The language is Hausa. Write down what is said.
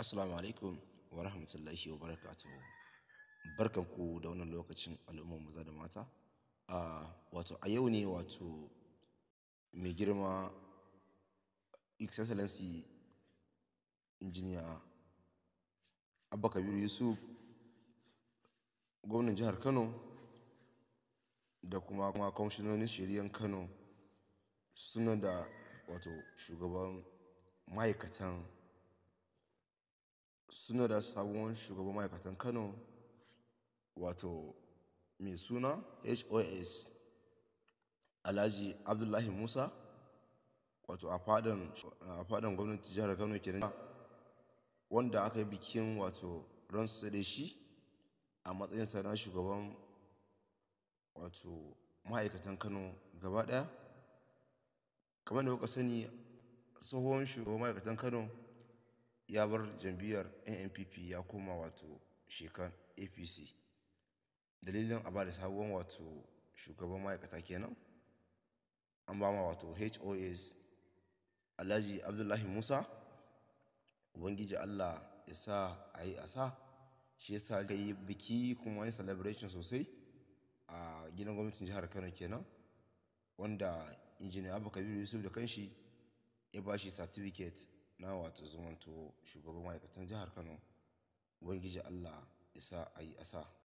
Assalamu alaikum wa rahmatullahi wa barakatuhu. ku da wannan lokacin al'ummar maza da mata. wato a yau ne wato mai girma excellency injiniya Abba Kabiru Yusuf gwamnan jihar Kano da kuma kuma kwamishinonin shari'ar Kano suna da wato shugaban ma'aikatan suna da sabon shugaban ma'aikatan kano wato mai suna hos alhaji abdullahi musa wato a fadin gwamnati jihar kano kenan wanda aka yi bikin wato ransu da shi a matsayin sana shugaban wato ma'aikatan kano gaba daya kamar da kuka sani tsohon shugaban ma'aikatan kano ya bar jam'iyyar nnpp ya koma wato shekan apc dalilin a ba da sabuwan wato shugaban ma'aikata kenan an ba ma wato hos alhaji abdullahi musa ubangiji allah ya sa a yi asa shi yasa ga yi biki kuma yi celebration sosai a gidan gwamnatin jihar kano kenan wanda injiniya abu kabiru yusuf da kanshi ya ba shi certificate na wata zumanto shugaban ma'aikatan jihar kano ubangiji allah isa a yi asa